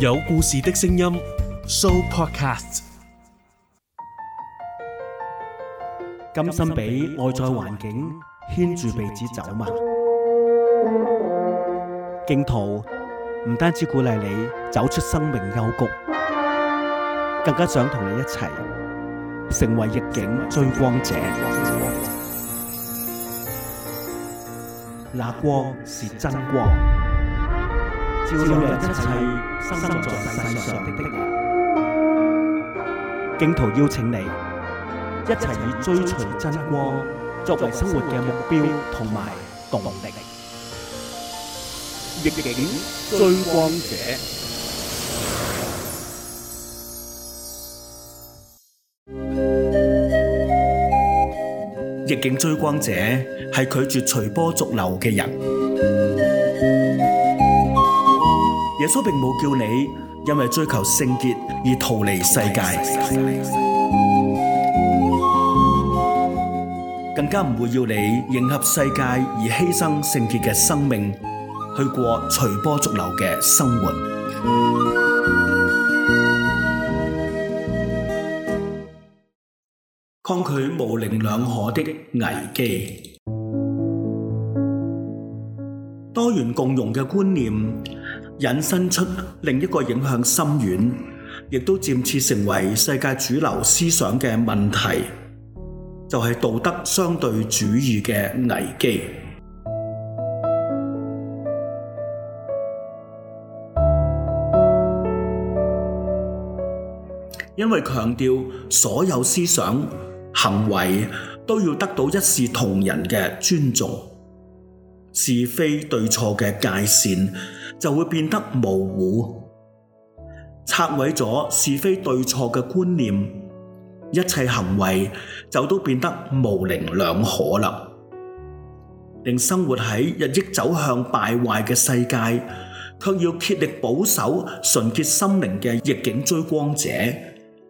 有故事的聲音，Sooo Podcast。甘心俾外在環境牽住鼻子走嘛？荊徒唔單止鼓勵你走出生命幽谷，更加想同你一齊成為逆境追光者。那光是真光。照亮一切生在世上的的人，荊徒邀請你一齊以追隨真光作為生活嘅目標同埋動力。逆境追光者，逆境追光者係拒絕隨波逐流嘅人。耶穌並冇叫你因為追求聖潔而逃離世界，更加唔會要你迎合世界而犧牲聖潔嘅生命，去過隨波逐流嘅生活，抗拒模稜兩可的危機。多元共融嘅觀念。引申出另一個影響深遠,亦都漸次成為世界主流思想嘅問題,是非對錯嘅界線就會變得模糊，拆毀咗是非對錯嘅觀念，一切行為就都變得模稜兩可啦。令生活喺日益走向敗壞嘅世界，卻要竭力保守純潔心靈嘅逆境追光者，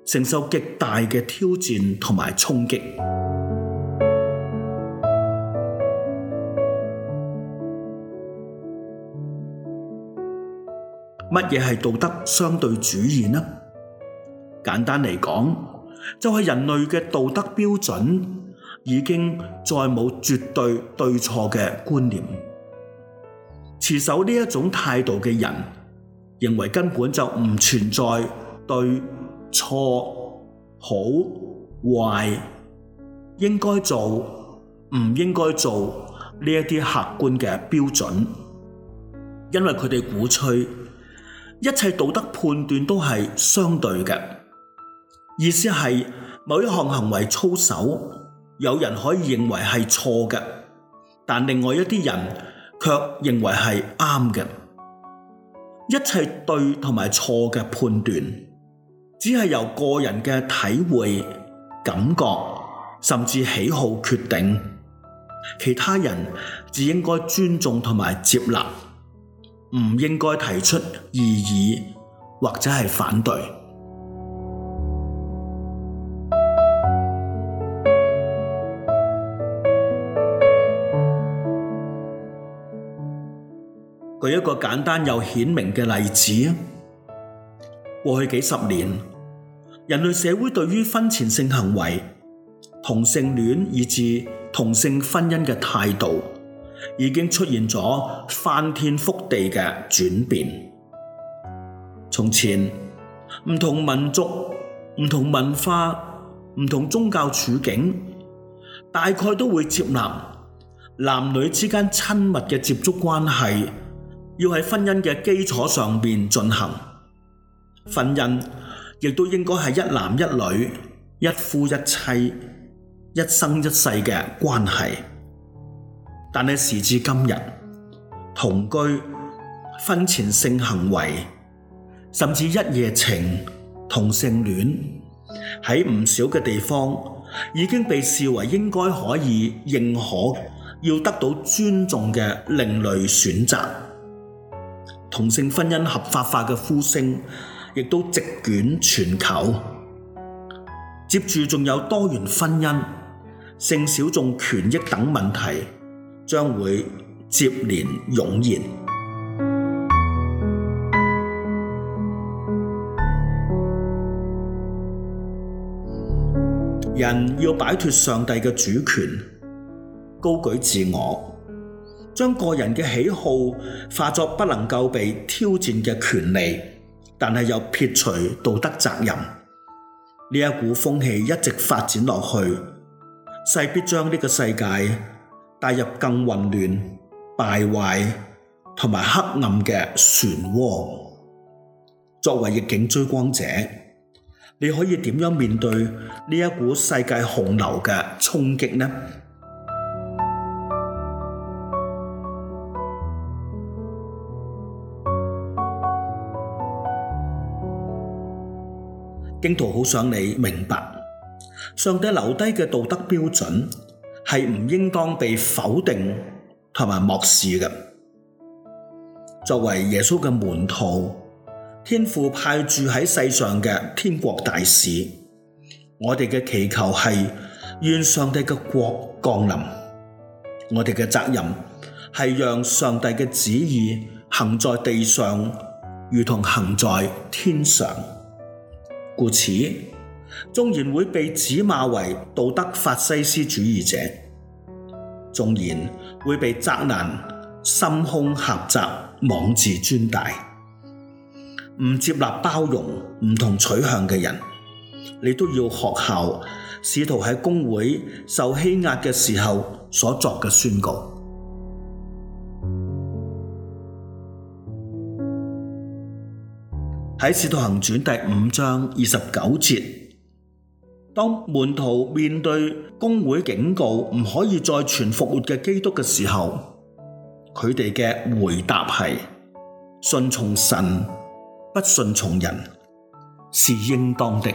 承受極大嘅挑戰同埋衝擊。乜嘢係道德相對主義呢？簡單嚟講，就係、是、人類嘅道德標準已經再冇絕對對錯嘅觀念。持守呢一種態度嘅人，認為根本就唔存在對錯、好壞、應該做唔應該做呢一啲客觀嘅標準，因為佢哋鼓吹。一切道德判斷都係相對嘅，意思係某一項行，行為操守，有人可以認為係錯嘅，但另外一啲人卻認為係啱嘅。一切對同埋錯嘅判斷，只係由個人嘅體會、感覺甚至喜好決定，其他人只應該尊重同埋接納，唔應該提出異議或者係反對。舉一個簡單又顯明嘅例子啊，過去幾十年，人類社會對於婚前性行為、同性戀以至同性婚姻嘅態度，已經出現咗翻天覆地嘅轉變。從前唔同民族、唔同文化、唔同宗教處境，大概都會接納男、男女之間親密嘅接觸關係，要喺婚姻嘅基礎上面進行。婚姻亦都應該係一男一女、一夫一妻、一生一世嘅關係。但係時至今日，同居、婚前性行為，甚至一夜情、同性戀，喺唔少嘅地方已經被視為應該可以認可、要得到尊重嘅另類選擇。同性婚姻合法化嘅呼聲，亦都席捲全球。接住仲有多元婚姻、性小眾權益等問題。將會接連湧現。人要擺脱上帝嘅主權，高舉自我，將個人嘅喜好化作不能夠被挑戰嘅權利，但係又撇除道德責任。呢一股風氣一直發展落去，勢必將呢個世界帶入更混亂敗壞和黑暗的漩渦。作為逆境追光者，你可以點樣面對呢一股世界洪流嘅衝擊呢？荊徒好想你明白，上帝留低嘅道德標準。係唔應當被否定同埋漠視嘅。作為耶穌嘅門徒、天父派住喺世上嘅天國大使，我哋嘅祈求係願上帝嘅國降臨。我哋嘅責任係讓上帝嘅旨意行在地上，如同行在天上。故此。縱然會被指罵為道德法西斯主義者，縱然會被責難心胸狹窄、妄自尊大、唔接納包容唔同取向嘅人，你都要學習使徒喺公會受欺壓嘅時候所作嘅宣告。喺《使徒行傳》第五章二十九節。當門徒面對公會警告唔可以再傳復活嘅基督嘅時候，佢哋嘅回答係：順從神，不順從人，是應當的。